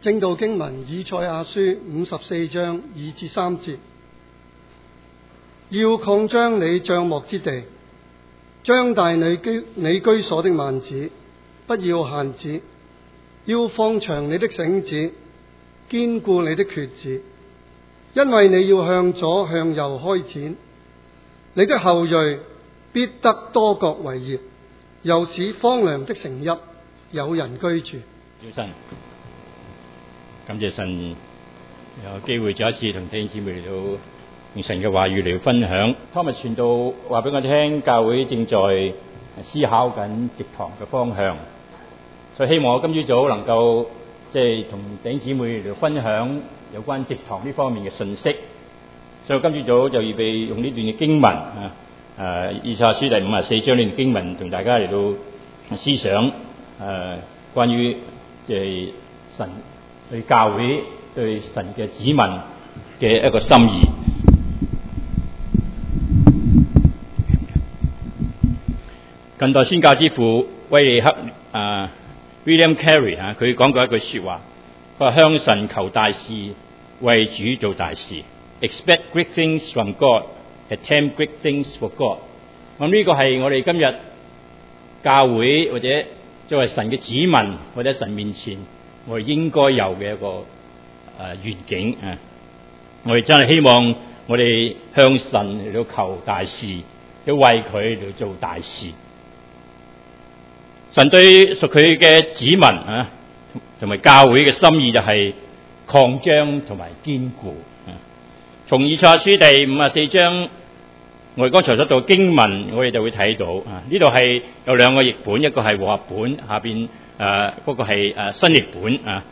正道經文以賽亞書五十四章二至三節，要擴張你帳幕之地，張大你居你居所的幔子，不要限止，要放長你的繩子，堅固你的橛子，因為你要向左向右開展，你的後裔必得多國為業，又使荒涼的城邑有人居住。感謝神有機會再一次同弟兄姊妹嚟到用神嘅話語嚟到分享。Thomas 傳道話俾我聽，教會正在思考緊植堂嘅方向，所以希望我今朝早能夠即係同弟兄姊妹嚟到分享有關植堂呢方面嘅信息。所以我今朝早就預備用呢段經文啊，誒，以賽亞書第五十四章呢段經文，同大家嚟到思想誒關於即係神。對教會、對神嘅子民嘅一個心意。近代宣教之父威利克啊、uh, William Carey 嚇，佢講過一句說話，佢話，向神求大事，為主做大事。Expect great things from God, attempt great things for God。咁、這、呢個係我哋今日教會或者作為神嘅子民，或者神面前，我哋應該有嘅一個誒願景啊！我哋真係希望我哋向神嚟到求大事，要為佢嚟做大事。神對屬佢嘅子民啊，同埋教會嘅心意就係擴張同埋堅固。從以賽亞書第五十四章，我哋剛才所讀經文，我哋就會睇到啊！呢度係有兩個譯本，一個係和合本，下邊。誒嗰個係新譯本啊，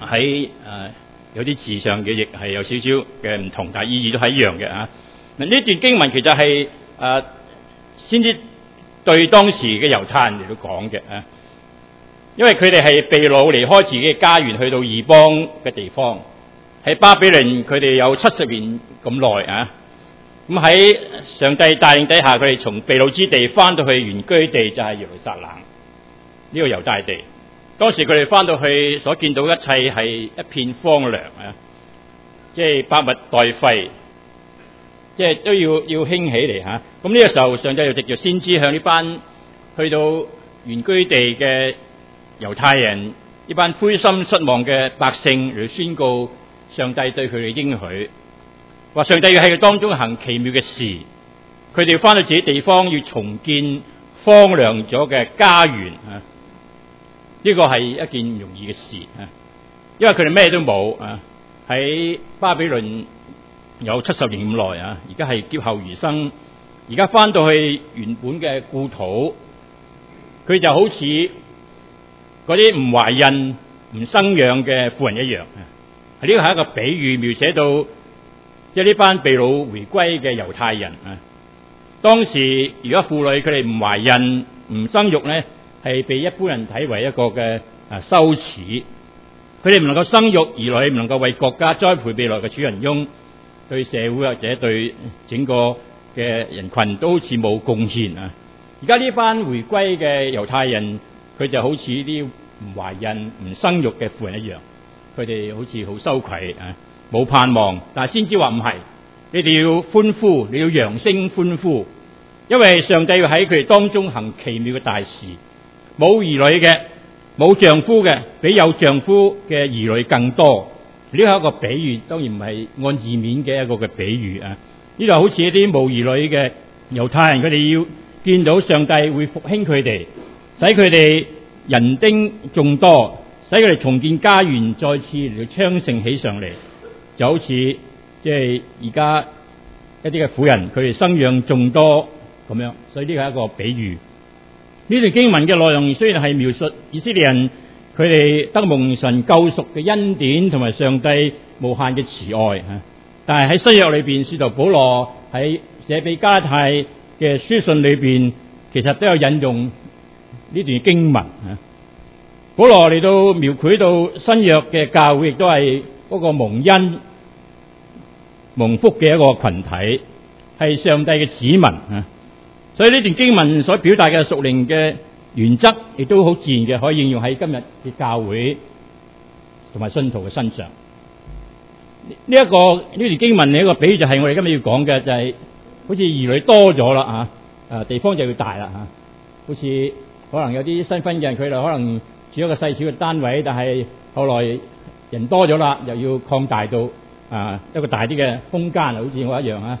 喺、那、誒、個啊啊啊、有啲字上嘅亦係有少少嘅唔同，但意義都係一樣嘅啊。嗱，呢段經文其實係誒、啊、先知對當時嘅猶太人嚟講嘅啊，因為佢哋係被擄離開自己嘅家園，去到異邦嘅地方，喺巴比倫佢哋有七十年咁耐啊。咁喺上帝帶領底下，佢哋從被擄之地翻到去原居地，就係、是、耶路撒冷。呢個猶大地，當時佢哋翻到去所見到的一切係一片荒涼啊！即係百物待廢，即係都要要興起嚟嚇。咁、啊、呢個時候，上帝就藉著先知向呢班去到原居地嘅猶太人，呢班灰心失望嘅百姓嚟宣告上帝對佢哋嘅應許，話上帝要喺佢當中行奇妙嘅事，佢哋要翻到自己的地方，要重建荒涼咗嘅家園啊！呢個係一件容易嘅事啊！因為佢哋咩都冇啊，喺巴比倫有七十年咁耐啊，而家係劫後餘生，而家翻到去原本嘅故土，佢就好似嗰啲唔懷孕、唔生養嘅婦人一樣啊！呢個係一個比喻，描寫到即係呢班被擄回歸嘅猶太人啊！當時如果婦女佢哋唔懷孕、唔生育咧，係被一般人睇為一個嘅啊羞恥，佢哋唔能夠生育兒女，唔能夠為國家栽培未來嘅主人翁，對社會或者對整個嘅人群都好似冇貢獻啊！而家呢班回歸嘅猶太人，佢就好似啲唔懷孕、唔生育嘅婦人一樣，佢哋好似好羞愧啊，冇盼望。但係先知話唔係，你哋要歡呼，你要揚聲歡呼，因為上帝要喺佢哋當中行奇妙嘅大事。冇兒女嘅，冇丈夫嘅，比有丈夫嘅兒女更多。呢個係一個比喻，當然唔係按字面嘅一個嘅比喻啊。呢個好似一啲冇兒女嘅猶太人，佢哋要見到上帝會復興佢哋，使佢哋人丁眾多，使佢哋重建家園，再次嚟到昌盛起上嚟，就好似即係而家一啲嘅婦人，佢哋生養眾多咁樣。所以呢個係一個比喻。呢段經文嘅內容雖然係描述以色列人佢哋得蒙神救贖嘅恩典同埋上帝無限嘅慈愛，吓，但係喺新約裏邊，使徒保羅喺寫俾加拉太嘅書信裏邊，其實都有引用呢段經文。吓，保羅嚟到描繪到新約嘅教會，亦都係嗰個蒙恩、蒙福嘅一個群體，係上帝嘅子民。吓。所以呢段經文所表達嘅屬靈嘅原則，亦都好自然嘅，可以應用喺今日嘅教會同埋信徒嘅身上。呢、這、一個呢段經文嘅一個比喻，就係我哋今日要講嘅，就係好似兒女多咗啦吓，誒、啊啊、地方就要大啦吓、啊。好似可能有啲新婚嘅人，佢哋可能住一個細小嘅單位，但係後來人多咗啦，又要擴大到啊一個大啲嘅空間，好似我一樣啊。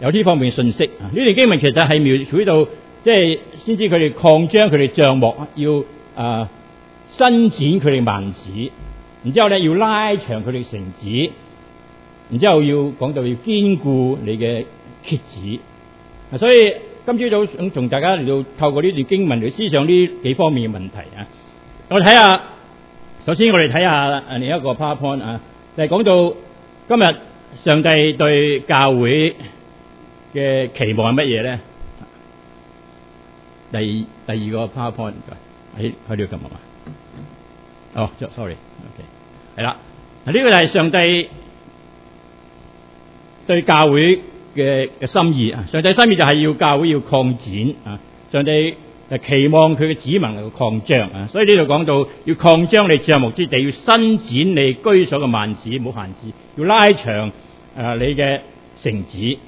有呢方面嘅信息，啊，呢段經文其實係描述到，即、就、係、是、先知佢哋擴張佢哋帳幕，要啊、呃、伸展佢哋幔子，然之後咧要拉長佢哋繩子，然之後要講到要堅固你嘅橛子。啊，所以今朝早想同大家嚟到透過呢段經文嚟思想，呢幾方面嘅問題啊，我哋睇下，首先我哋睇下另一個 powerpoint 啊，就係、是、講到今日上帝對教會嘅期望係乜嘢咧？第二第二個 PowerPoint 喺呢度咁啊嘛？ 哦，sorry，o 係啦，嗱呢、okay, 呢個就係上帝對教會嘅嘅心意啊！上帝心意就係要教會要擴展啊！上帝誒期望佢嘅子民去擴張啊，所以呢度講到要擴張你帳幕之地，要伸展你居所嘅幔子冇限制，要拉長誒、呃、你嘅繩子。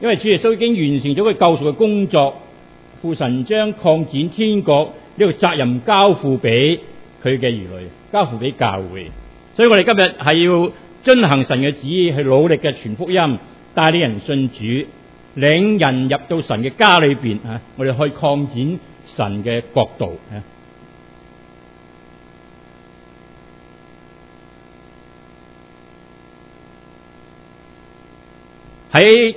因為主耶穌已經完成咗佢救贖嘅工作，父神將擴展天國呢個責任交付俾佢嘅兒女，交付俾教會。所以我哋今日係要遵行神嘅旨意，去努力嘅傳福音，帶啲人信主，領人入到神嘅家裏邊啊！我哋去擴展神嘅國度啊！係。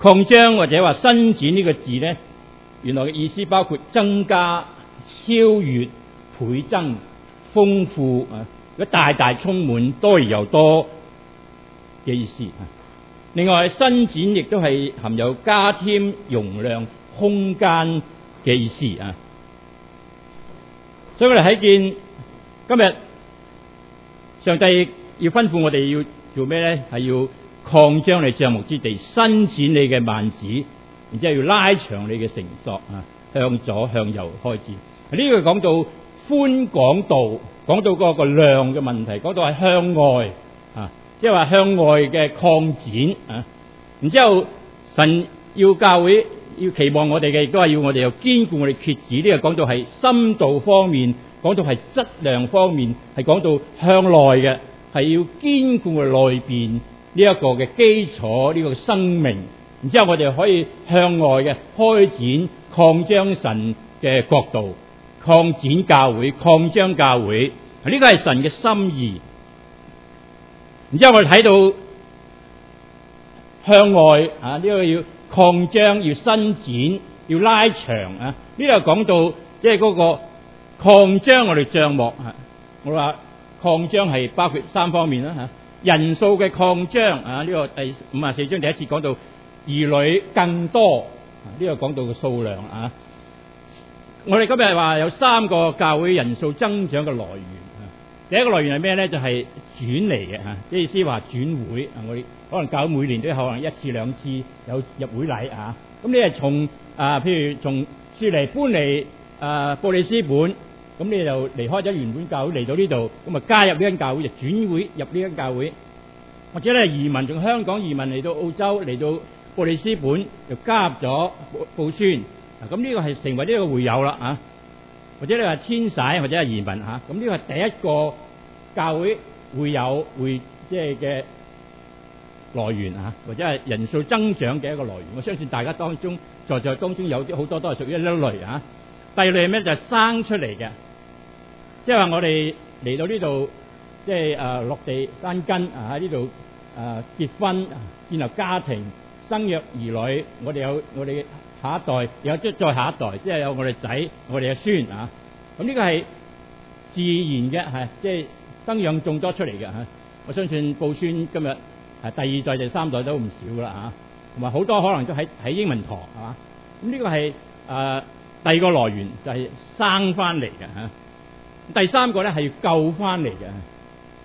擴張或者話伸展呢個字咧，原來嘅意思包括增加、超越、倍增、豐富啊，如果大大充滿多而又多嘅意思。啊、另外伸展亦都係含有加添容量、空間嘅意思啊。所以我哋睇見今日上帝要吩咐我哋要做咩咧？係要。擴張你帳幕之地，伸展你嘅幔子，然之後要拉長你嘅繩索啊，向左向右開展。呢個講到寬廣度，講到個個量嘅問題，講到係向外啊，即係話向外嘅擴展啊。然之後，神要教會要期望我哋嘅，亦都係要我哋要堅固我哋橛子。呢個講到係深度方面，講到係質量方面，係講到向內嘅，係要堅固內邊。呢一個嘅基礎，呢、這個生命，然之後我哋可以向外嘅開展，擴張神嘅國度、擴展教會，擴張教會，呢、這個係神嘅心意。然之後我哋睇到向外啊，呢、這個要擴張、要伸展、要拉長啊，呢度講到即係嗰個擴張我哋帳幕。啊。我話擴張係包括三方面啦吓。啊人數嘅擴張啊，呢、這個第五十四章第一次講到兒女更多，呢、啊這個講到個數量啊。我哋今日話有三個教會人數增長嘅來源啊。第一個來源係咩咧？就係轉嚟嘅吓，即、啊、意思話轉會啊。我哋可能教會每年都有可能一次兩次有入會禮啊。咁你係從啊，譬如從雪尼搬嚟啊，布里斯本。咁你就離開咗原本教會，嚟到呢度，咁啊加入呢間教會就轉會入呢間教會，或者咧移民，從香港移民嚟到澳洲，嚟到布里斯本就加入咗布布宣。嗱，咁呢個係成為呢個會友啦啊，或者你話遷徙或者係移民嚇，咁呢個係第一個教會會有會即係嘅來源啊，或者係人數增長嘅一個來源。我相信大家當中在在當中有啲好多都係屬於呢一類啊。第二類係咩咧？就係生出嚟嘅。即係話，就是我哋嚟到呢度，即係誒落地生根啊！喺呢度誒結婚，建、啊、立家庭，生育兒女。我哋有我哋嘅下一代，有即係再下一代，即、就、係、是、有我哋仔、我哋嘅孫啊。咁呢個係自然嘅，係即係生養眾多出嚟嘅嚇。我相信報孫今日係第二代、第三代都唔少啦嚇，同埋好多可能都喺喺英文堂係嘛。咁呢個係誒、啊、第二個來源，就係、是、生翻嚟嘅嚇。啊。第三個咧係救翻嚟嘅。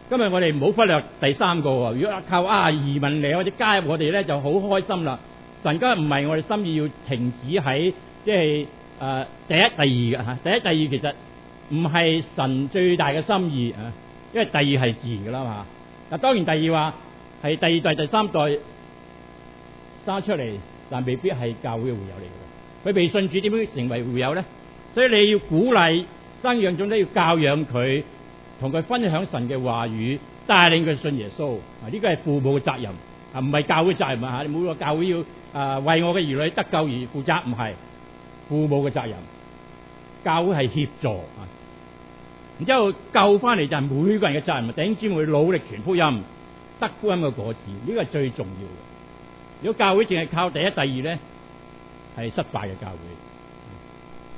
今日我哋唔好忽略第三個喎。如果靠啊移民嚟或者加入我哋咧，就好開心啦。神家唔係我哋心意要停止喺即係、呃、第一第二、啊、第二嘅第一、第二其實唔係神最大嘅心意啊，因為第二係自然㗎啦嘛。嗱、啊、當然第二話係第二代、第三代生出嚟，但未必係教會嘅會友嚟嘅。佢未信主點樣成為會友咧？所以你要鼓勵。生養種都要教養佢，同佢分享神嘅話語，帶領佢信耶穌。啊，呢個係父母嘅責、責任，啊唔係教會責任啊吓！你每個教會要啊為我嘅兒女得救而負責，唔係父母嘅責任。教會係協助，啊、然之後救翻嚟就係每個人嘅責任。頂尖會努力全福音，得福音嘅果子，呢個係最重要嘅。如果教會淨係靠第一、第二咧，係失敗嘅教會。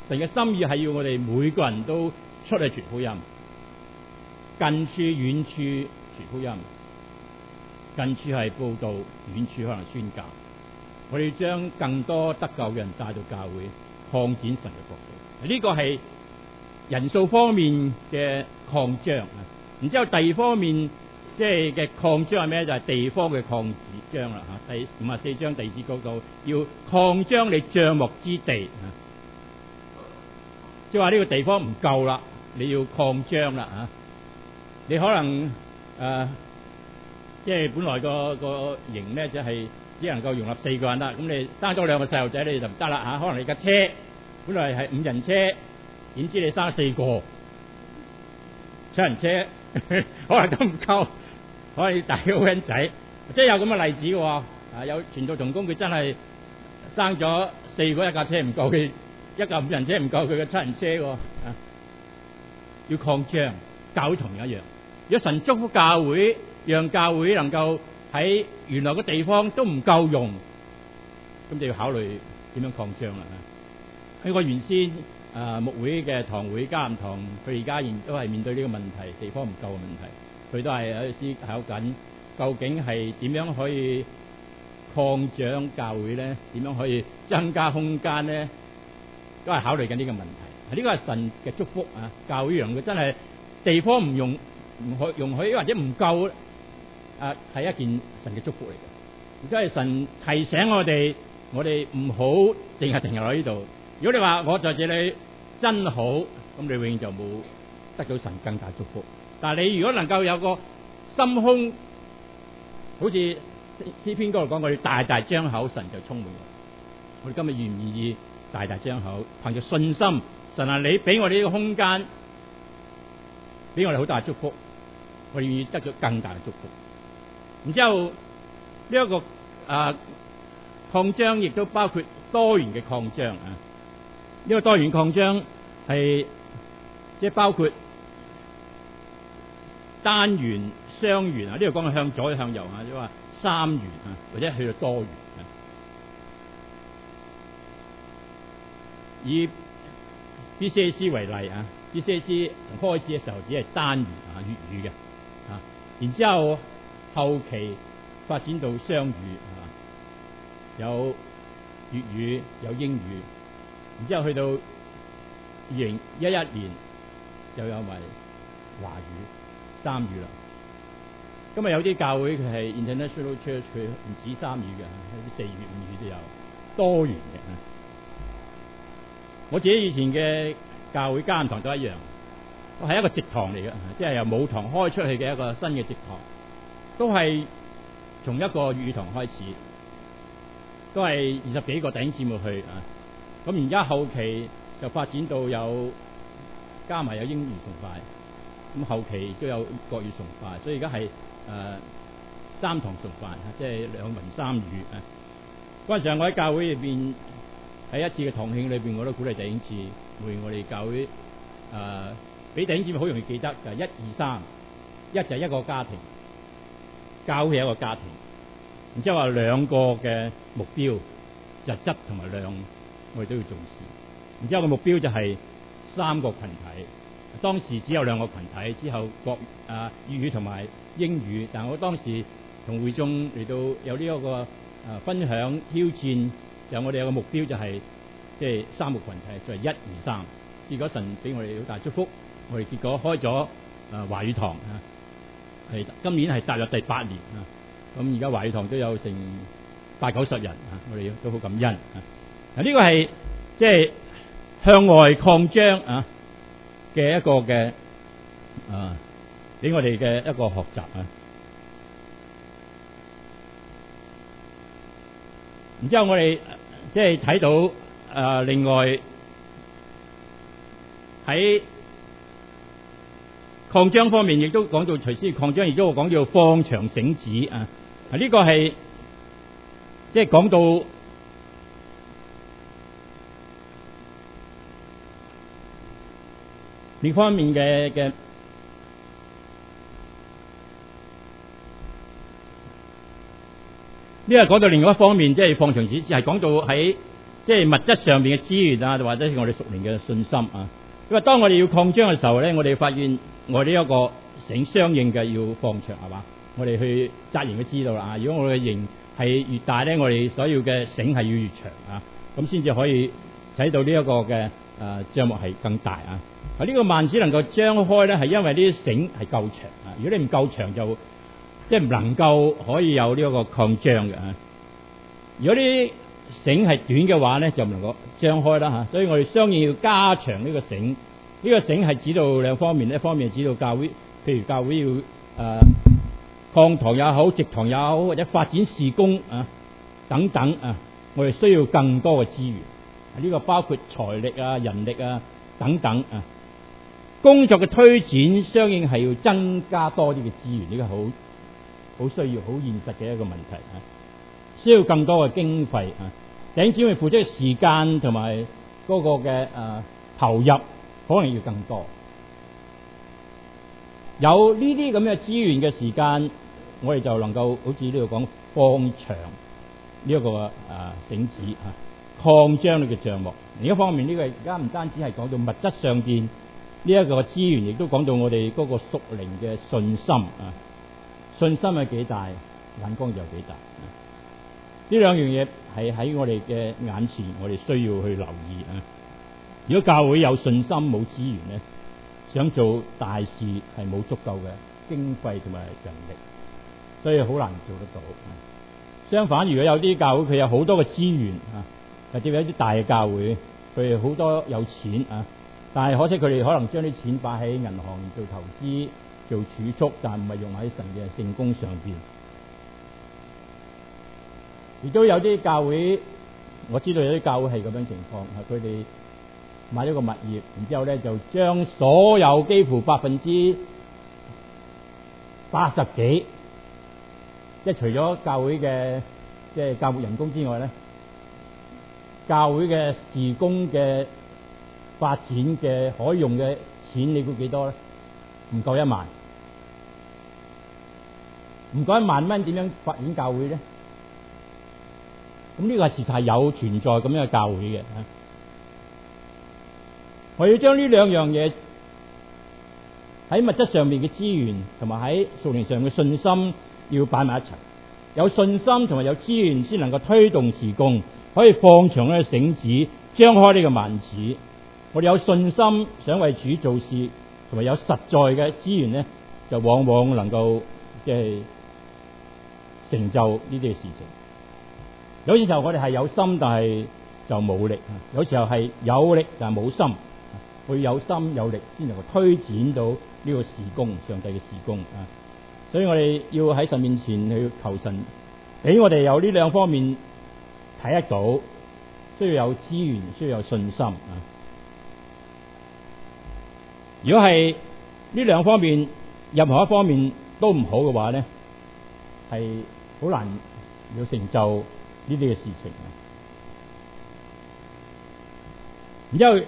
神嘅心意係要我哋每個人都出嚟傳福音，近處遠處傳福音，近處係佈道，遠處可能宣教。我哋將更多得救嘅人帶到教會，擴展神嘅國度。呢個係人數方面嘅擴張啊！然之後第二方面即係嘅擴張係咩咧？就係、是、地方嘅擴張啦嚇。第五十四章第二節講到要擴張你帳幕之地。即係話呢個地方唔夠啦，你要擴張啦啊！你可能誒，即係本來個個型咧，即係只能夠容納四個人啦，咁你生多兩個細路仔，你就唔得啦嚇。可能你架車本來係五人車，點知你生四個七人車，可能都唔夠，可能要帶 open 仔，即係有咁嘅例子喎。啊，有全職從工，佢真係生咗四個一架車唔夠嘅。一架五人車唔夠佢嘅七人車喎。啊，要擴張。教會同樣，如果神祝福教會，讓教會能夠喺原來嘅地方都唔夠用，咁就要考慮點樣擴張啦。喺、啊、我原先、啊、牧會嘅堂會加監堂，佢而家都係面對呢個問題，地方唔夠嘅問題，佢都係喺度思考緊，究竟係點樣可以擴張教會呢？點樣可以增加空間呢？都係考慮緊呢個問題，呢個係神嘅祝福啊！教會呢樣嘅真係地方唔容唔許容許或者唔夠啊，係一件神嘅祝福嚟嘅。亦都係神提醒我哋，我哋唔好淨係停留喺呢度。如果你話我在這裡，真好，咁你永遠就冇得到神更大祝福。但係你如果能夠有個心胸，好似詩篇嗰度講過，我哋大大張口，神就充滿我。我哋今日願唔願意？大大張口，憑住信心，神啊！你俾我哋呢個空間，俾我哋好大祝福，我哋願意得咗更大嘅祝福。然之後呢一個啊擴張，亦都包括多元嘅擴張啊。呢個多元擴張係即係包括單元、雙元啊。呢個講向左向右啊，即話三元啊，或者去到多元。以 BCC 為例啊，BCC 從開始嘅時候只係單語啊粵語嘅啊，然之後後期發展到雙語啊，有粵語有英語，然之後去到二零一一年就有埋華語三語啦。今日有啲教會佢係 International Church 佢唔止三語嘅，四語五語都有多元嘅。我自己以前嘅教會加堂都一樣，我係一個植堂嚟嘅，即係由母堂開出去嘅一個新嘅植堂，都係從一個粵語堂開始，都係二十幾個弟兄姊妹去啊。咁而家後期就發展到有加埋有英語崇拜，咁後期都有國語崇拜，所以而家係誒三堂崇拜，即係兩文三語啊。嗰陣時我喺教會入面。喺一次嘅堂慶裏邊我都鼓勵弟兄姊妹我哋教會誒俾弟兄姊妹好容易記得就係一二三一就係一個家庭教會一個家庭然之後話兩個嘅目標就係質同埋量我哋都要重視然之後個目標就係三個群體當時只有兩個群體之後國誒粵語同埋英語但係我當時同會眾嚟到有呢、這、一個誒、呃、分享挑戰有我哋有個目標就係，即係三個羣體，即係一、二、三。結果神俾我哋好大祝福，我哋結果開咗誒華語堂，係今年係踏入第八年。咁而家華語堂都有成八九十人，我哋都好感恩。嗱，呢個係即係向外擴張啊嘅一個嘅啊，俾我哋嘅一個學習啊。然之後我哋。即係睇到誒、呃，另外喺擴張方面，亦都講到隨時擴張，亦都講到放長繩子啊！啊，呢、這個係即係講到呢方面嘅嘅。呢個講到另外一方面，即、就、係、是、放長線，係講到喺即係物質上面嘅資源啊，或者是我哋熟年嘅信心啊。因為當我哋要擴張嘅時候咧，我哋發現我呢一個繩相應嘅要放長係嘛，我哋去紮營都知道啦啊。如果我嘅營係越大咧，我哋所要嘅繩係要越，越長啊，咁先至可以使到呢一個嘅誒帳幕係更大啊。啊，呢個幔子、呃啊這個、能夠張開咧，係因為呢啲繩係夠長啊。如果你唔夠長就～即係唔能夠可以有呢一個擴張嘅嚇、啊。如果啲繩係短嘅話咧，就唔能夠張開啦嚇、啊。所以我哋相應要加長呢個繩。呢、這個繩係指到兩方面咧，一方面係指到教會，譬如教會要誒擴、啊、堂也好，植堂也好，或者發展事工啊等等啊。我哋需要更多嘅資源，呢、啊、個包括財力啊、人力啊等等啊。工作嘅推展，相應係要增加多啲嘅資源，呢、這個好。好需要、好現實嘅一個問題啊！需要更多嘅經費啊，頂子要付出時間同埋嗰個嘅、啊、投入，可能要更多。有呢啲咁嘅資源嘅時間，我哋就能夠好似呢度講放長呢、這、一個誒繩子啊，擴張呢個帳幕。另一方面，呢、這個而家唔單止係講到物質上邊，呢一個資源，亦都講到我哋嗰個屬靈嘅信心啊。信心係幾大，眼光就幾大。呢兩樣嘢係喺我哋嘅眼前，我哋需要去留意啊。如果教會有信心冇資源咧，想做大事係冇足夠嘅經費同埋人力，所以好難做得到。相反，如果有啲教會佢有好多嘅資源啊，特別是啲大嘅教會，佢哋好多有錢啊，但係可惜佢哋可能將啲錢擺喺銀行做投資。做儲蓄，但唔係用喺神嘅聖工上邊。亦都有啲教會，我知道有啲教會係咁樣的情況，係佢哋買咗個物業，然之後咧就將所有幾乎百分之八十幾，即係除咗教會嘅即係教會人工之外咧，教會嘅事工嘅發展嘅可以用嘅錢，你估幾多咧？唔夠一萬，唔夠一萬蚊，點樣發展教會咧？咁呢個事實係有存在咁樣嘅教會嘅。我要將呢兩樣嘢喺物質上面嘅資源，同埋喺數年上嘅信心，要擺埋一齊。有信心同埋有資源，先能夠推動時工，可以放長呢個繩子，張開呢個網子。我哋有信心，想為主做事。同埋有實在嘅資源咧，就往往能夠即係、就是、成就呢啲嘅事情。有時候我哋係有心，但係就冇力；有時候係有力，但係冇心。佢有心有力，先能夠推展到呢個事工，上帝嘅事工啊！所以我哋要喺神面前去求神，俾我哋有呢兩方面睇得到，需要有資源，需要有信心啊！如果係呢兩方面任何一方面都唔好嘅話咧，係好難有成就呢啲嘅事情然。然之後呢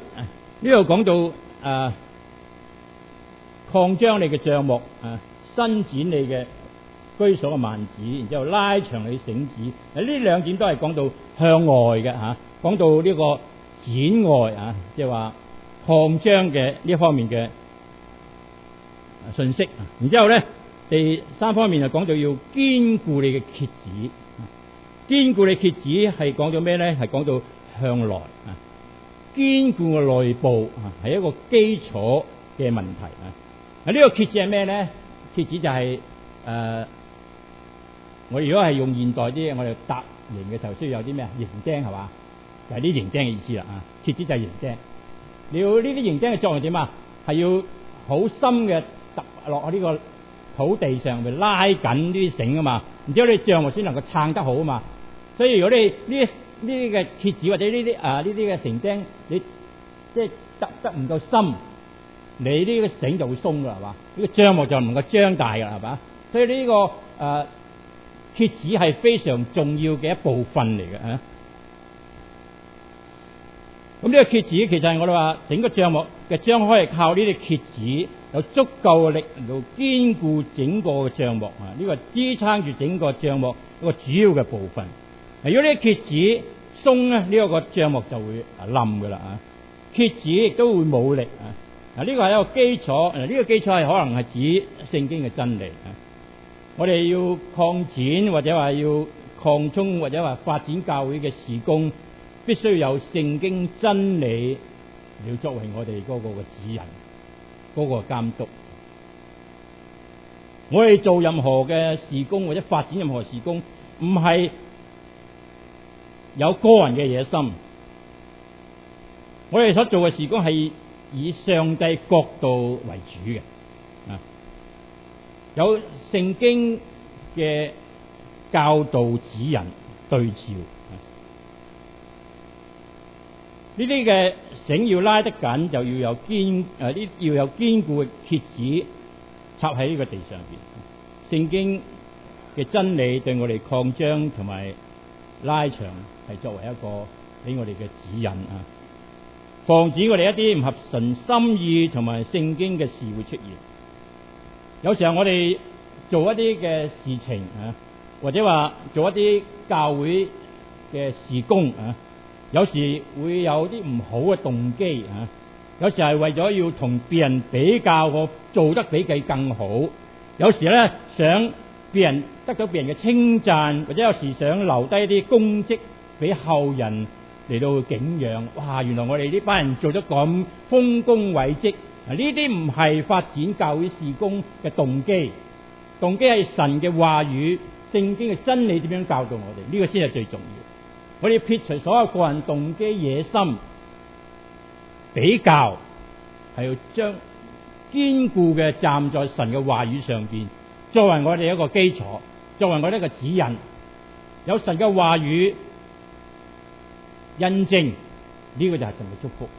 度講到誒、啊、擴張你嘅帳幕啊，伸展你嘅居所嘅幔子，然之後拉長你嘅繩子。呢、啊、兩點都係講到向外嘅嚇講、啊、到呢個展外啊，即係話。擴張嘅呢方面嘅、啊、信息，然之後咧第三方面就講到要堅固你嘅決子。堅、啊、固你決子係講咗咩咧？係講到向內啊，堅固嘅內部係、啊、一個基礎嘅問題啊。啊，這個、是什麼，呢個決子係咩咧？決子就係、是、誒、呃，我們如果係用現代啲嘢，我哋搭營嘅時候需要有啲咩啊？營釘係嘛，就係啲營釘嘅意思啦。啊，決子就係營釘。你要呢啲營釘嘅作用點啊？係要好深嘅搭落去呢個土地上，咪拉緊呢啲繩啊嘛。然之後你帳幕先能夠撐得好啊嘛。所以如果你呢啲呢啲嘅楔子或者呢啲啊呢啲嘅營釘，你即係搭搭唔夠深，你呢個繩就會鬆㗎係嘛？呢個帳幕就唔夠張大㗎係嘛？所以呢個誒楔子係非常重要嘅一部分嚟嘅嚇。咁呢個橛子其實係我哋話整個帳幕嘅張開係靠呢啲橛子有足夠嘅力度堅固整個帳幕啊！呢、這個支撐住整個帳幕一個主要嘅部分。如果呢啲橛子鬆咧，呢、這、一個帳幕就會冧嘅啦啊！橛子亦都會冇力啊！嗱，呢個係一個基礎，嗱、這、呢個基礎係可能係指聖經嘅真理啊！我哋要擴展或者話要擴充或者話發展教會嘅事工。必須有聖經真理嚟作為我哋嗰個嘅指引、嗰個監督。我哋做任何嘅事工或者發展任何事工，唔係有個人嘅野心。我哋所做嘅事工係以上帝角度為主嘅，啊，有聖經嘅教導指引對照。呢啲嘅繩要拉得緊，就要有堅誒，呢、呃、要有堅固嘅橛子插喺呢個地上邊。聖經嘅真理對我哋擴張同埋拉長係作為一個俾我哋嘅指引啊，防止我哋一啲唔合神心意同埋聖經嘅事會出現。有時候我哋做一啲嘅事情啊，或者話做一啲教會嘅事工啊。有時會有啲唔好嘅動機啊，有時係為咗要同別人比較我做得比佢更好，有時咧想別人得到別人嘅稱讚，或者有時想留低一啲功績俾後人嚟到景仰。哇，原來我哋呢班人做得咁豐功偉績啊！呢啲唔係發展教會事工嘅動機，動機係神嘅話語、聖經嘅真理點樣教導我哋，呢個先係最重要。我哋撇除所有個人動機、野心比較，係要將堅固嘅站在神嘅話語上邊，作為我哋一個基礎，作為我哋一個指引。有神嘅話語印證，呢個就係神嘅祝福。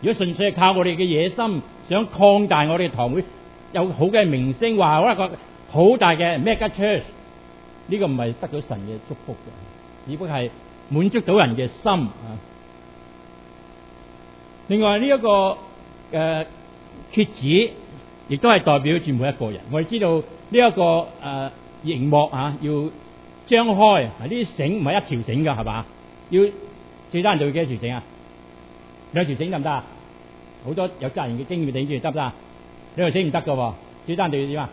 如果純粹係靠我哋嘅野心想擴大我哋堂會，有好嘅明星話我一個好大嘅 mega church，呢個唔係得咗神嘅祝福嘅。只不過係滿足到人嘅心啊！另外呢、這、一個嘅缺、呃、子，亦都係代表住每一個人。我哋知道呢、這、一個誒熒、呃、幕啊，要張開啊，呢啲繩唔係一條繩㗎，係嘛？要最少都要幾多條繩啊？兩條繩得唔得啊？好多有責任嘅經驗頂住，你知唔得唔得啊？兩條繩唔得嘅喎，最少都要點啊？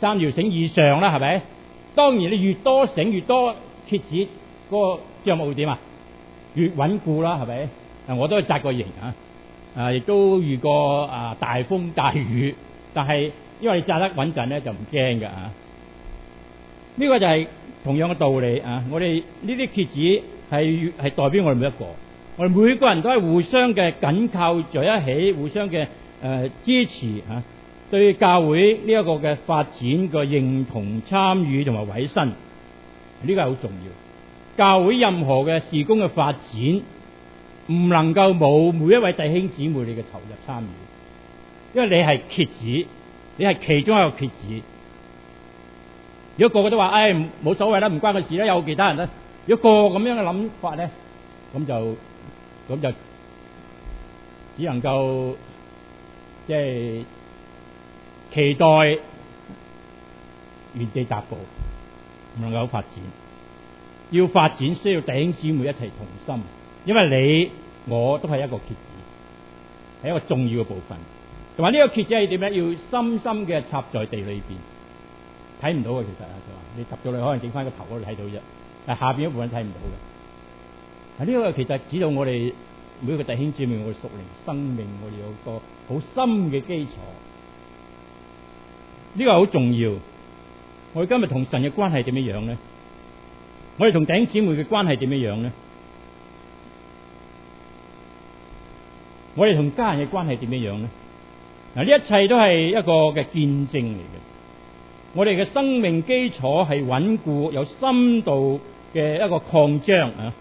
三條繩以上啦，係咪？當然你越多繩，越多缺子。嗰個之後會點啊？越穩固啦，係咪？嗱，我都紮過營嚇、啊，啊，亦都遇過啊大風大雨，但係因為你紮得穩陣咧、啊，就唔驚嘅嚇。呢個就係同樣嘅道理嚇、啊。我哋呢啲鉸子係係代表我哋每一個，我哋每個人都係互相嘅緊靠在一起，互相嘅誒、呃、支持嚇、啊，對教會呢一個嘅發展嘅認同、參與同埋委身，呢、這個係好重要。教會任何嘅事工嘅發展，唔能夠冇每一位弟兄姊妹你嘅投入參與，因為你係蠍子，你係其中一個蠍子。如果個個都話，唉、哎，冇所謂啦，唔關佢事啦，有其他人啦，如果個個咁樣嘅諗法咧，咁就咁就只能夠即係、就是、期待原地踏步，唔能夠發展。要發展需要弟兄姊妹一齊同心，因為你我都係一個橛子，係一個重要嘅部分。同埋呢個橛子係點咧？要深深嘅插在地裏邊，睇唔到嘅，其實啊，你插咗你到可能整翻個頭嗰度睇到啫，但下邊一部分睇唔到嘅。啊，呢個其實指導我哋每一個弟兄姊妹，我哋屬靈生命，我哋有一個好深嘅基礎，呢、這個好重要。我哋今日同神嘅關係點樣樣咧？我哋同弟兄姊妹嘅關係點樣樣咧？我哋同家人嘅關係點樣樣咧？嗱，呢一切都係一個嘅見證嚟嘅。我哋嘅生命基礎係穩固、有深度嘅一個擴張啊，呢、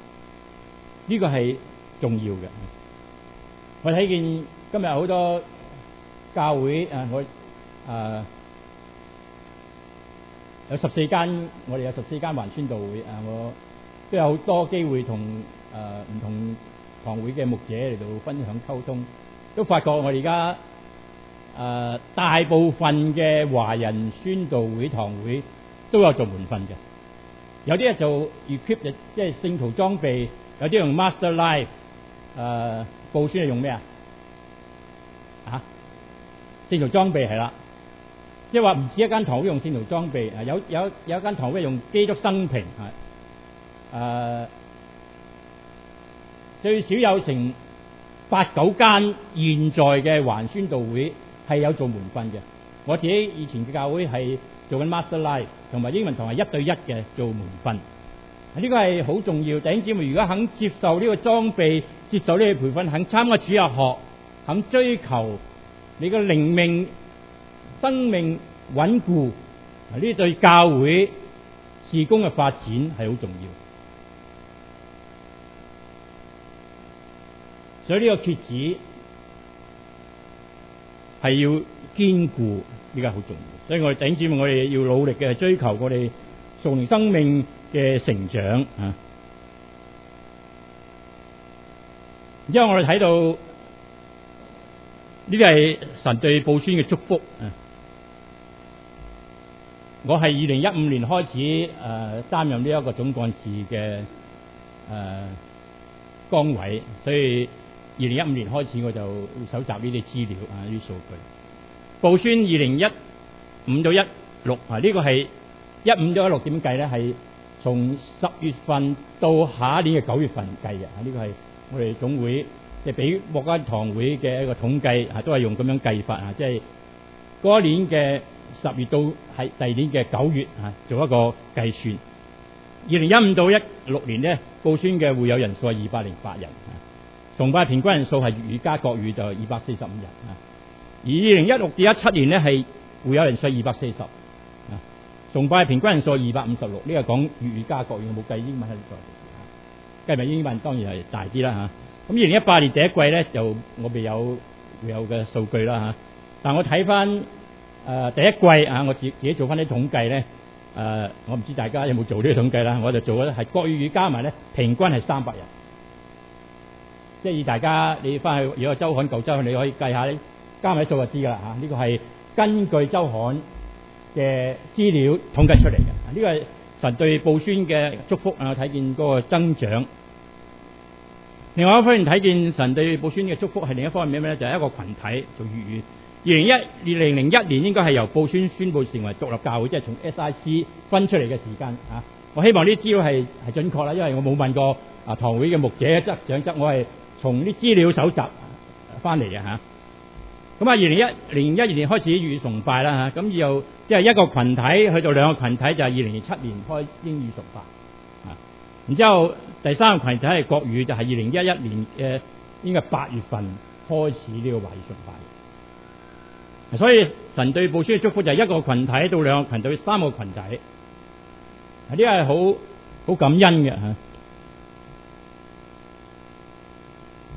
這個係重要嘅。我睇見今日好多教會我、呃呃有十四間，我哋有十四間環宣道會啊，我都有好多機會同誒唔同堂會嘅牧者嚟到分享溝通，都發覺我哋而家誒大部分嘅華人宣道會堂會都有做門訓嘅，有啲咧做 equip 即係聖徒裝備，有啲用 master life 誒布宣係用咩啊？吓，聖徒裝備係啦。即係話唔止一間堂會用線條裝備，啊有有有一間堂會用基督生平，啊。最少有成八九間現在嘅環宣道會係有做門訓嘅。我自己以前嘅教會係做緊 master line 同埋英文堂係一對一嘅做門訓，呢個係好重要。弟兄姊妹如果肯接受呢個裝備，接受呢個培訓，肯參加主日學，肯追求你嘅靈命。生命穩固，嗱呢啲對教會事工嘅發展係好重要，所以呢個決志係要堅固，呢個係好重要。所以我哋弟兄姊妹，我哋要努力嘅追求我哋屬靈生命嘅成長啊。然之後我哋睇到呢啲係神對布村嘅祝福啊。我係二零一五年開始誒、呃、擔任呢一個總幹事嘅誒、呃、崗位，所以二零一五年開始我就搜集呢啲資料啊，啲數據。報宣二零一五到一六啊，這個、是呢個係一五到一六點計咧？係從十月份到下一年嘅九月份計嘅啊，呢、這個係我哋總會即係俾莫家堂會嘅一個統計啊，都係用咁樣計法啊，即係嗰一年嘅。十月到喺第二年嘅九月啊，做一個計算。二零一五到一六年呢，報宣嘅會友人數係二百零八人。崇拜平均人數係粵語加國語就二百四十五人啊。而二零一六至一七年呢，係會友人數二百四十啊，崇拜平均人數二百五十六。呢個講粵語加國語冇計英文喺度，計埋英文當然係大啲啦嚇。咁二零一八年第一季咧，就我哋有會友嘅數據啦嚇，但我睇翻。誒、呃、第一季啊，我自己自己做翻啲統計咧。誒、啊，我唔知大家有冇做呢個統計啦。我就做咧，係國語加埋咧，平均係三百人。即係以大家你翻去如果周刊舊週刊，你可以計下咧，加埋啲數就知噶啦嚇。呢個係根據周刊嘅資料統計出嚟嘅。呢個係神對報宣嘅祝福啊！睇見嗰個增長。另外一方面睇見神對報宣嘅祝福係另一方面咩咧？就係一個群體做粵語。二零一二零零一年應該係由報宣宣佈成為獨立教會，即係從 SIC 分出嚟嘅時間啊！我希望呢啲資料係係準確啦，因為我冇問過啊堂會嘅牧者側長側，我係從啲資料搜集翻嚟嘅嚇。咁啊，二零一零一二年開始粵語崇拜啦嚇，咁以後即係一個群體去到兩個群體，就係二零零七年開英語崇拜。啊。然之後第三個群體係國語，就係二零一一年嘅、呃、應該八月份開始呢個華語崇拜。所以神對報宣嘅祝福就係一個群體到兩個群體、三個羣體是很，呢個係好好感恩嘅嚇。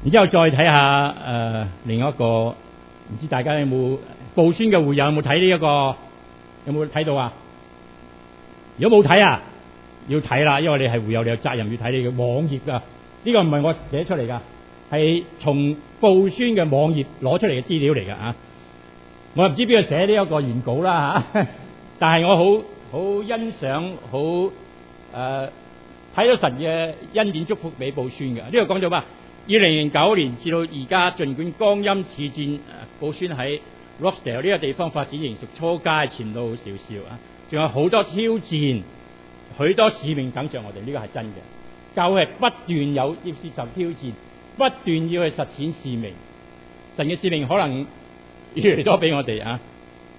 然之後再睇下誒、呃、另外一個，唔知道大家有冇報宣嘅會友有冇睇呢一個有冇睇到啊？如果冇睇啊，要睇啦，因為你係會友，你有責任要睇你嘅網頁㗎。呢、這個唔係我寫出嚟㗎，係從報宣嘅網頁攞出嚟嘅資料嚟㗎啊！我唔知邊個寫呢一個原稿啦吓，但係我好好欣賞，好誒睇到神嘅恩典祝福俾寶宣嘅。呢個講咗話，二零零九年至到而家，儘管光陰似箭，寶宣喺 Rockdale 呢個地方發展仍屬初階，前路好少少啊，仲有好多挑戰，許多使命等著我哋。呢個係真嘅，教會係不斷有要接受挑戰，不斷要去實踐使命。神嘅使命可能。越嚟越多俾我哋啊，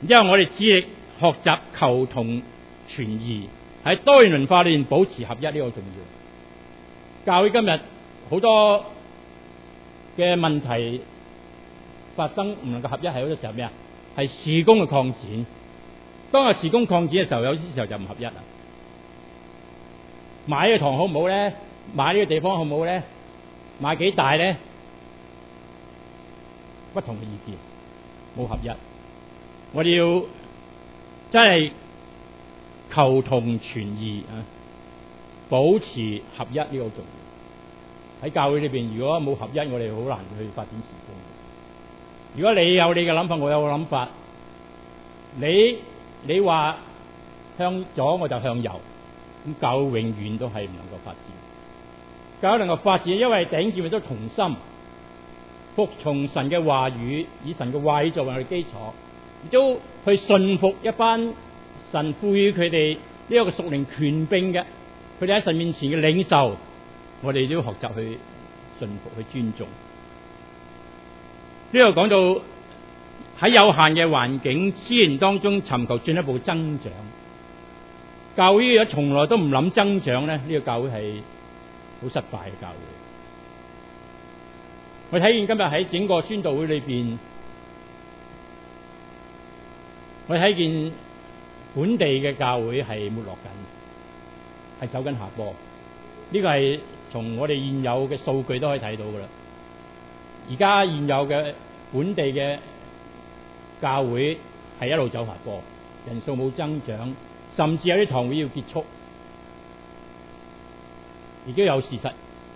然之後我哋致力學習求同存異，喺多元文化裏面保持合一，呢個重要。教會今日好多嘅問題發生，唔能夠合一，係好多時候咩啊？係事工嘅擴展。當有事工擴展嘅時候，有啲時候就唔合一啊！買呢個堂好唔好咧？買呢個地方好唔好咧？買幾大咧？不同嘅意見。冇合一，我哋要真係求同存異啊！保持合一呢個重要。喺教會裏面，如果冇合一，我哋好難去發展事工。如果你有你嘅諗法，我有個諗法，你你話向左，我就向右，咁教永遠都係唔能夠發展。教能夠發展，因為頂住都同心。服從神嘅話語，以神嘅話語作為佢基礎，亦都去順服一班神賦予佢哋呢一個屬靈權柄嘅，佢哋喺神面前嘅領袖，我哋都要學習去順服、去尊重。呢個講到喺有限嘅環境資源當中尋求進一步增長，教會如果從來都唔諗增長咧，呢個教會係好失敗嘅教會。我睇見今日喺整個宣道會裏邊，我睇見本地嘅教會係沒落緊，係走緊下坡。呢個係從我哋現有嘅數據都可以睇到噶啦。而家現有嘅本地嘅教會係一路走下坡，人數冇增長，甚至有啲堂會要結束。亦都有事實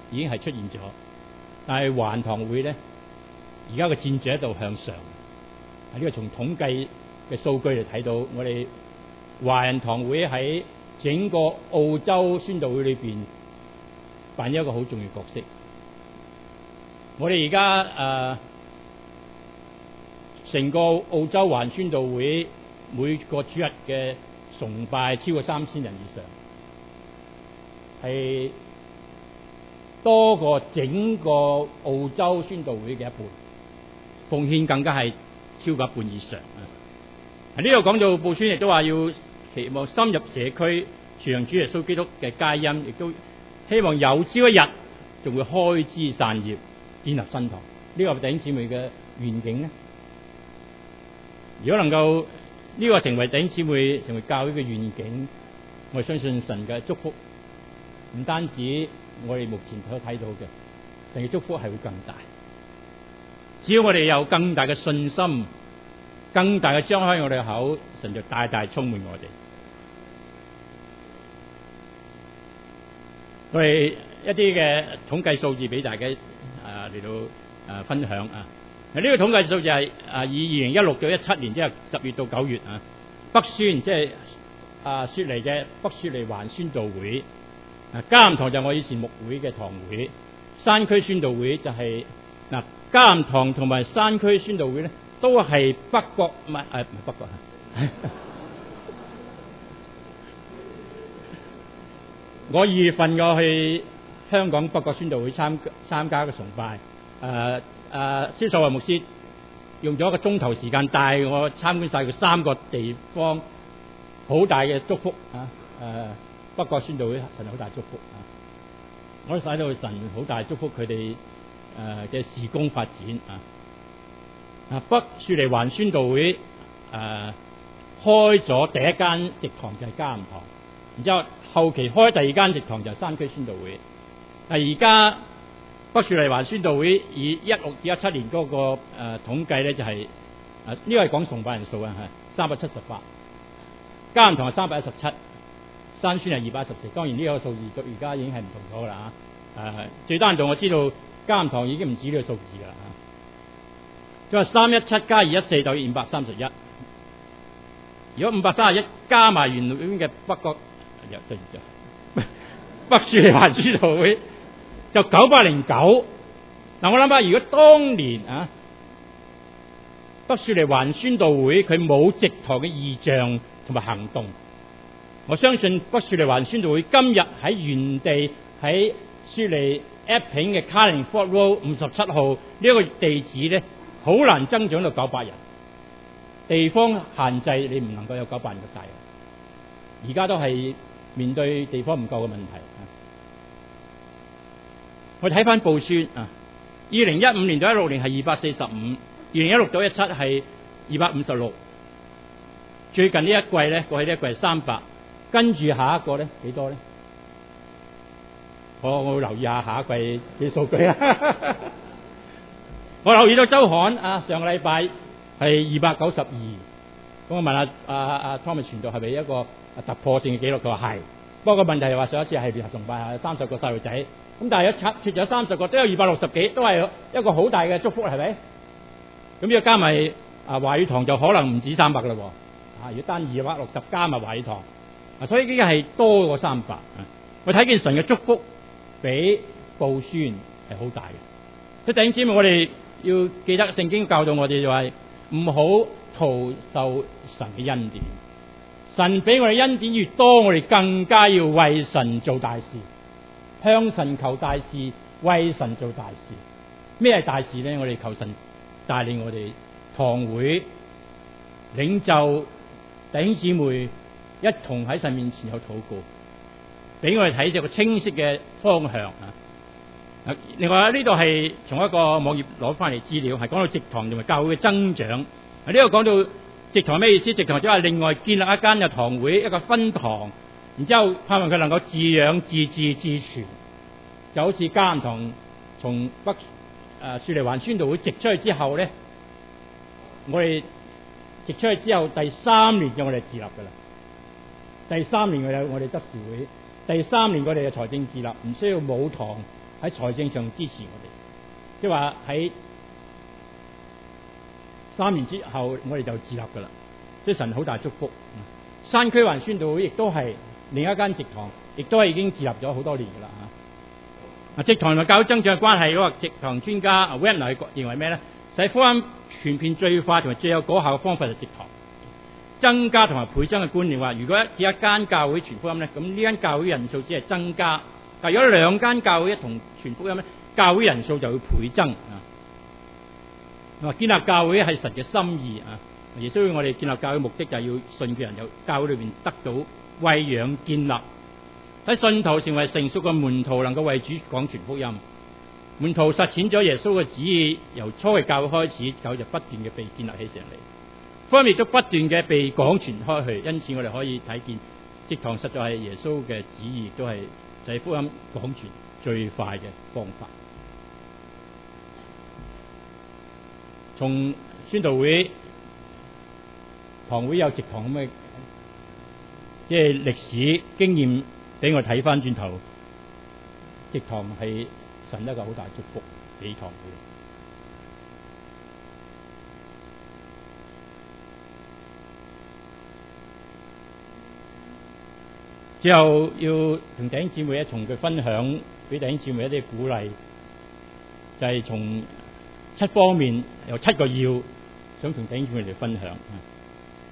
已經係出現咗。但係華人堂會咧，而家嘅戰者喺度向上，係呢個從統計嘅數據嚟睇到，我哋華人堂會喺整個澳洲宣道會裏邊扮演一個好重要的角色。我哋而家誒成個澳洲華人宣道會每個主日嘅崇拜超過三千人以上，係。多過整個澳洲宣道會嘅一半，奉獻更加係超過一半以上。喺呢度講到布宣，亦都話要期望深入社區，傳揚主耶穌基督嘅佳音，亦都希望有朝一日仲會開枝散葉，建立新堂。呢、這個是弟兄姊妹嘅願景咧，如果能夠呢個成為弟兄姊妹、成為教會嘅願景，我相信神嘅祝福唔單止。我哋目前可睇到嘅，神嘅祝福係會更大。只要我哋有更大嘅信心，更大嘅張開我哋嘅口，神就大大充滿我哋。我哋一啲嘅統計數字俾大家啊嚟到啊分享啊。嗱，呢個統計數字係啊以二零一六到一七年即係十月到九月啊，北宣即係、就是、啊雪梨嘅北雪梨環宣道會。嗱，監堂就是我以前牧會嘅堂會，山區宣道會就係、是、嗱，監堂同埋山區宣道會咧，都係北角，唔係誒北角。哎、唔係北角 我二月份我去香港北角宣道會參參加嘅崇拜，誒、啊、誒、啊，蕭秀華牧師用咗一個鐘頭時間帶我參觀晒佢三個地方，好大嘅祝福啊誒！啊。北角宣道會神有好大祝福啊！我都睇到神好大祝福佢哋誒嘅事工發展啊！啊，北樹梨環宣道會誒、呃、開咗第一間植堂就係、是、加銀堂，然之後後期開第二間植堂就係、是、山區宣道會。但係而家北樹梨環宣道會以一六至一七年嗰個誒統計咧，就係啊，呢個係講崇拜人數啊，係三百七十八，加銀堂係三百一十七。三千係二百十四，當然呢個數字到而家已經係唔同咗㗎啦嚇。誒、啊，最單獨我知道監堂已經唔止呢個數字啦嚇。咁啊，三一七加二一四就五百三十一。如果五百三十一加埋原來嗰邊嘅北角、啊，北雪梨環宣道會就九百零九。嗱，我諗下，如果當年啊北雪梨環宣道會佢冇植堂嘅異象同埋行動。我相信北雪利環宣道會今日喺原地喺雪利 Epping、e、嘅 Carlingford Road 五十七號呢一、這個地址咧，好難增長到九百人。地方限制你不限，你唔能夠有九百人嘅大。而家都係面對地方唔夠嘅問題。我睇翻報宣啊，二零一五年到一六年係二百四十五，二零一六到一七係二百五十六，最近呢一季咧，過去呢一季係三百。跟住下一個咧幾多咧？我我留意一下下一季嘅數據啦、啊。 我留意到周刊，啊，上個禮拜係二百九十二。咁我問下阿 Tommy 傳道係咪一個突破性嘅紀錄？佢話係。不過個問題係話上一次係合同辦係三十個細路仔，咁但係一拆咗三十個都有二百六十幾，都係一個好大嘅祝福，係咪？咁呢個加埋啊華語堂就可能唔止三百噶啦喎。啊，如果單二百六十加埋華語堂，嗱，所以呢個係多過三百。我睇見神嘅祝福比布宣係好大嘅。所以弟兄姊妹，我哋要記得聖經教導我哋就係唔好徒受神嘅恩典。神俾我哋恩典越多，我哋更加要為神做大事，向神求大事，為神做大事。咩係大事咧？我哋求神帶領我哋堂會領袖弟兄姊妹。一同喺神面前有禱告，俾我哋睇到個清晰嘅方向啊！另外呢度係從一個網頁攞翻嚟資料，係講到植堂同埋教會嘅增長。呢度講到植堂係咩意思？植堂即係另外建立一間嘅堂會，一個分堂，然之後盼望佢能夠自養、自治、自存，就好似監堂從北誒、呃、雪梨環宣道會植出去之後咧，我哋植出去之後第三年就我哋自立㗎啦。第三年我有我哋執事會，第三年我哋嘅財政自立，唔需要母堂喺財政上支持我哋，即係話喺三年之後我哋就自立㗎啦，即係神好大祝福。山區環宣道會亦都係另一間植堂，亦都係已經自立咗好多年㗎啦嚇。啊，植堂同教會增長嘅關係，個植堂專家 Wendy 認為咩咧？使福音傳遍最快同埋最有果效嘅方法就係植堂。增加同埋倍增嘅觀念話，如果只一間教會傳福音咧，咁呢間教會人數只係增加；但如果兩間教會一同傳福音咧，教會人數就會倍增啊！建立教會係神嘅心意啊！耶穌要我哋建立教會的目的就係要信嘅人由教會裏邊得到餵養建立，喺信徒成為成熟嘅門徒，能夠為主講傳福音。門徒實踐咗耶穌嘅旨意，由初嘅教會開始，教會就不斷嘅被建立起上嚟。方面都不斷嘅被廣傳開去，因此我哋可以睇見直堂實在係耶穌嘅旨意，都係就係福音廣傳最快嘅方法。從宣道會堂會有直堂噉嘅即係歷史經驗，俾我睇翻轉頭，直堂係神一個好大祝福，俾堂會。以後要同弟兄姊妹一，同佢分享，俾弟兄姊妹一啲鼓勵，就係、是、從七方面有七個要，想同弟兄姊妹哋分享。呢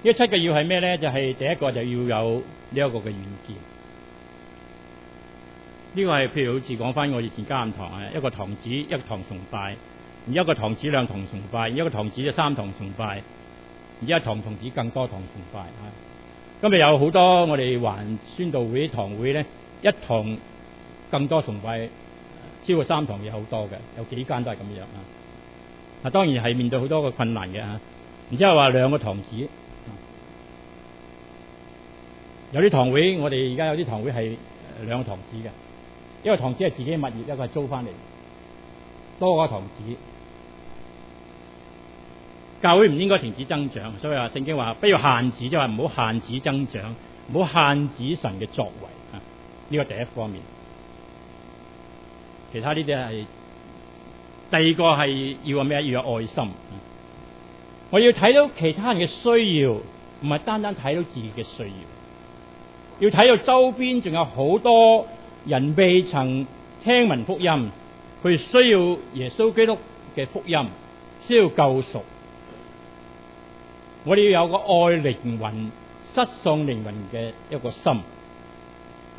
七個要係咩咧？就係、是、第一個就要有呢一個嘅遠見。呢、這個係譬如好似講翻我以前家堂啊，一個堂子一堂崇拜，而一個堂子兩堂崇拜，而一個堂子就三堂崇拜，而一堂同子更多堂崇拜。今日有好多我哋環宣道會堂會咧，一堂更多崇拜超過三堂嘢好多嘅，有幾間都係咁樣啊。啊，當然係面對好多嘅困難嘅。然之後話兩個堂子，有啲堂會我哋而家有啲堂會係兩個堂子嘅，一個堂子係自己嘅物業，一個係租翻嚟，多個堂子。教會唔應該停止增長，所以話聖經話不要限制，即係唔好限制增長，唔好限制神嘅作為啊。呢個第一方面，其他呢啲係第二個係要有咩？要有愛心。我要睇到其他人嘅需要，唔係單單睇到自己嘅需要，要睇到周邊仲有好多人未曾聽聞福音，佢需要耶穌基督嘅福音，需要救贖。我哋要有個愛靈魂、失喪靈魂嘅一個心。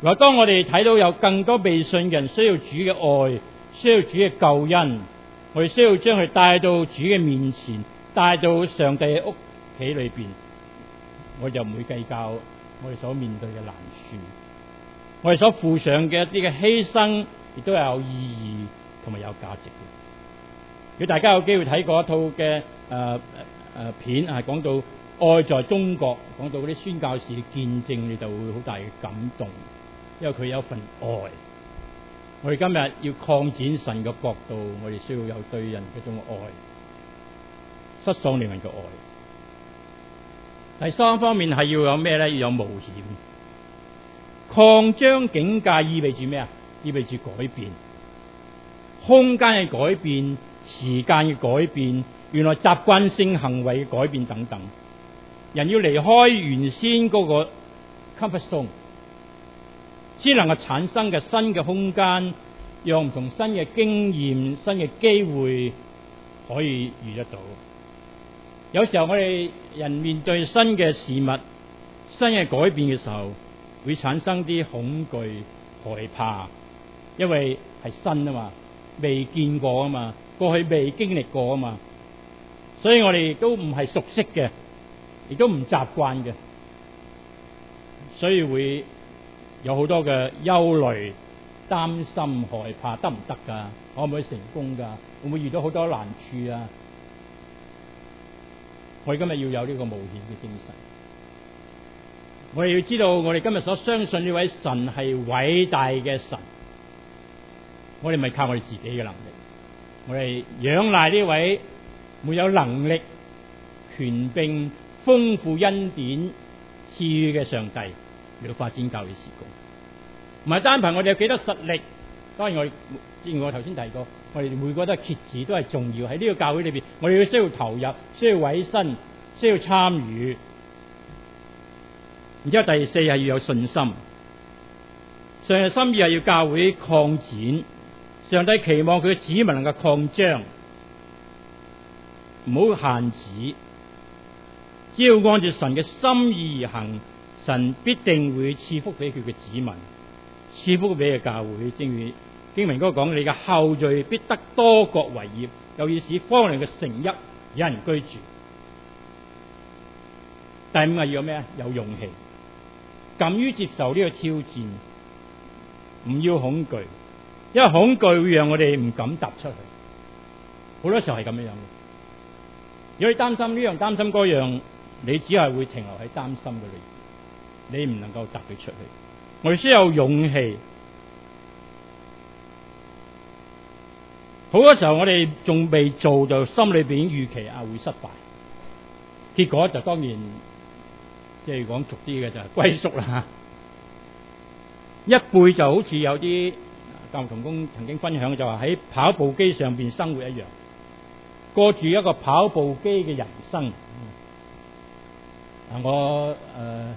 嗱，當我哋睇到有更多未信人需要主嘅愛，需要主嘅救恩，我哋需要將佢帶到主嘅面前，帶到上帝嘅屋企裏面，我就唔會計較我哋所面對嘅難處，我哋所付上嘅一啲嘅犧牲亦都有意義同埋有價值嘅。如果大家有機會睇過一套嘅誒。呃誒，片係講到愛在中國，講到嗰啲宣教士嘅見證，你就會好大嘅感動，因為佢有一份愛。我哋今日要擴展神嘅國度，我哋需要有對人一種愛，失喪靈魂嘅愛。第三方面係要有咩咧？要有冒險，擴張境界意味住咩啊？意味住改變，空間嘅改變，時間嘅改變。原來習慣性行為嘅改變等等，人要離開原先嗰個 comfort zone，先能夠產生嘅新嘅空間，用唔同的新嘅經驗、新嘅機會可以遇得到。有時候我哋人面對新嘅事物、新嘅改變嘅時候，會產生啲恐懼、害怕，因為係新啊嘛，未見過啊嘛，過去未經歷過啊嘛。所以我哋亦都唔係熟悉嘅，亦都唔習慣嘅，所以會有好多嘅憂慮、擔心、害怕，得唔得㗎？可唔可以成功㗎？會唔會遇到好多難處啊？我哋今日要有呢個冒險嘅精神。我哋要知道，我哋今日所相信呢位神係偉大嘅神。我哋咪靠我哋自己嘅能力，我哋仰賴呢位。沒有能力、權柄、豐富恩典賜予嘅上帝，要發展教會事工，唔係單憑我哋有幾多實力。當然我們，正如我頭先提過，我哋每個都係竭智都係重要。喺呢個教會裏邊，我哋要需要投入，需要委身，需要參與。然之後第四係要有信心。上帝嘅心意係要教會擴展，上帝期望佢嘅子民能夠擴張。唔好限制，只要按住神嘅心意而行，神必定會賜福俾佢嘅子民，賜福俾嘅教會。正如經文哥講：你嘅後裔必得多國為業，又要使荒涼嘅城邑有人居住。第五係要咩啊？有勇氣，敢於接受呢個挑戰，唔要恐懼，因為恐懼會讓我哋唔敢踏出去，好多時候係咁樣樣嘅。如果你擔心呢樣擔心嗰樣，你只係會停留喺擔心嘅裏，你唔能夠踏佢出去。我哋需要勇氣。好多時候我們還，我哋仲未做就心裏面預期啊會失敗，結果就當然即係講俗啲嘅就係歸宿啦。一輩就好似有啲教牧同工曾經分享就話喺跑步機上邊生活一樣。過住一個跑步機嘅人生。嗱，我、呃、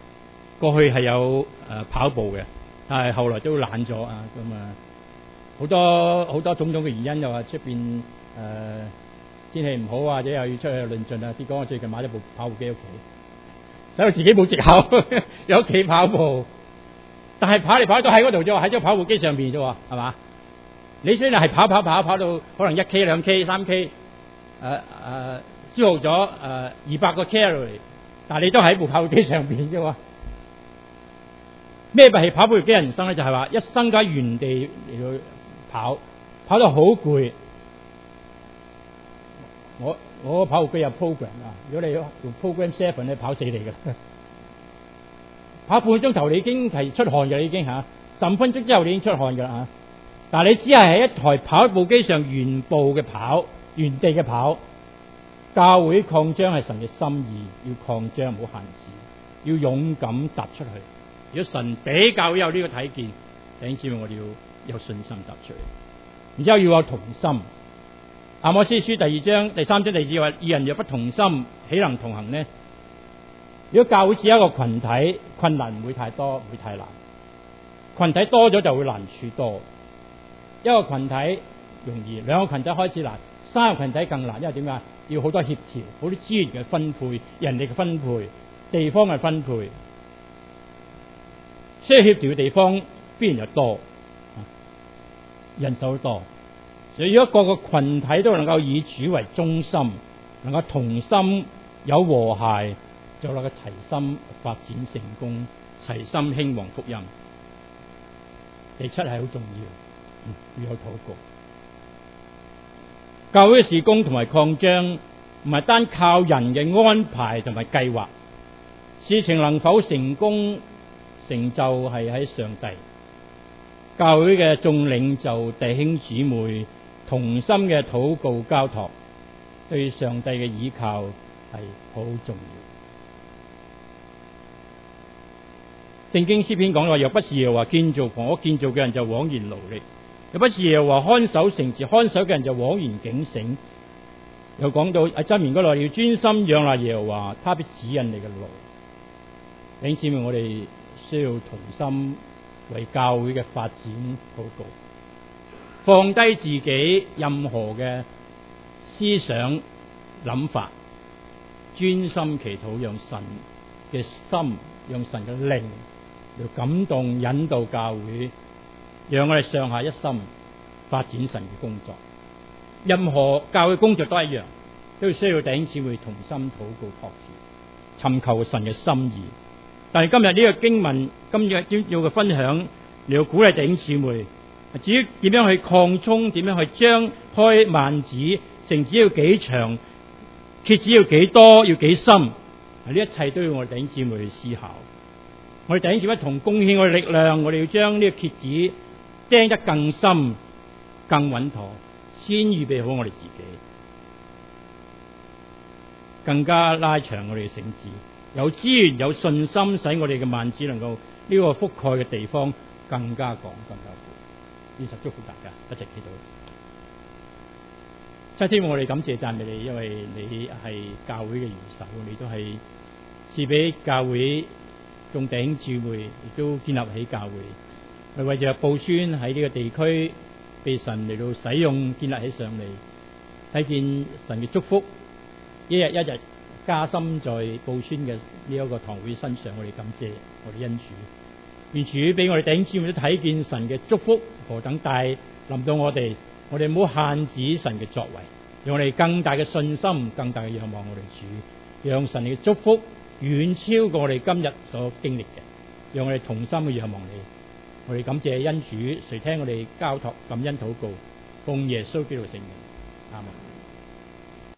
誒過去係有誒、呃、跑步嘅，但係後來都懶咗啊。咁啊，好多好多種種嘅原因就外面，又話出邊誒天氣唔好，或者又要出去論盡啊。結果我最近買咗部跑步機屋企，所以自己冇藉口 有屋企跑步，但係跑嚟跑到喺嗰度啫，喺咗跑步機上邊啫，係嘛？你雖然係跑跑跑跑到可能一 K、兩 K、三 K。誒誒、uh, uh，消耗咗誒二百個 calorie，但係你都喺部跑步機上面啫喎。咩係跑步機人生咧？就係、是、話一生都喺原地嚟到跑，跑到好攰。我我跑步機有 program 啊，如果你用 program seven 你跑死你㗎！ 跑半個鐘頭你已經係出汗嘅已經吓，啊、十五分鐘之後你已經出汗㗎啦嚇。但係你只係喺一台跑步機上原步嘅跑。原地嘅跑，教會擴張係神嘅心意，要擴張，唔好限制，要勇敢踏出去。如果神比較有呢個睇見，請知道我哋要有信心踏出去。然之後要有同心。阿摩司書第二章、第三章、第三節話：二人若不同心，豈能同行呢？如果教會只有一個群體，困難唔會太多，唔會太難。群體多咗就會難處多。一個群體容易，兩個群體開始難。三個群體更難，因為點啊？要好多協調，好啲資源嘅分配、人力嘅分配、地方嘅分配，需要協調嘅地方必然就多，人手多。所以如果各個群體都能夠以主為中心，能夠同心有和諧，就能夠齊心發展成功，齊心興旺福音。第七係好重要，嗯，要禱告。以教會事工同埋擴張唔係單靠人嘅安排同埋計劃，事情能否成功成就係喺上帝。教會嘅眾領袖弟兄姊妹同心嘅禱告交託，對上帝嘅倚靠係好重要。聖經詩篇講話：若不是話建造房屋，建造嘅人就枉然勞力。若不是耶和華看守城池，看守嘅人就枉然警醒。又講到阿，箴言嗰度要專心仰賴耶和華，他必指引你嘅路。弟兄姊妹，我哋需要同心為教會嘅發展禱告，放低自己任何嘅思想諗法，專心祈禱，用神嘅心，用神嘅靈嚟感動引導教會。讓我哋上下一心發展神嘅工作，任何教會工作都一樣，都需要弟兄姊妹同心禱告、求尋求神嘅心意。但係今日呢個經文，今日要要嘅分享你要鼓勵弟兄姊妹。至於點樣去擴充，點樣去張開幔子繩子要幾長，橛子要幾多，要幾深，呢一切都要我哋弟兄姊妹去思考。我哋弟兄姊妹同貢獻我哋力量，我哋要將呢個橛子。釘得更深、更穩妥，先預備好我哋自己，更加拉長我哋嘅繩子，有資源、有信心，使我哋嘅幔子能夠呢個覆蓋嘅地方更加廣、更加好，呢個祝福大家，一直喺度。七天我哋感謝讚美你，因為你係教會嘅元首，你都係賜俾教會，仲頂住會，亦都建立起教會。為為着布宣喺呢個地區被神嚟到使用建立起上嚟，睇見神嘅祝福，一日一日加深在布宣嘅呢一個堂會身上，我哋感謝我哋恩主，願主俾我哋頂尖都睇見神嘅祝福何等大，臨到我哋，我哋唔好限制神嘅作為，讓我哋更大嘅信心、更大嘅仰望我哋主，讓神嘅祝福遠超過我哋今日所經歷嘅，讓我哋同心嘅仰望你。我哋感謝恩主，誰聽我哋交託感恩禱告，奉耶穌基督聖名，阿門。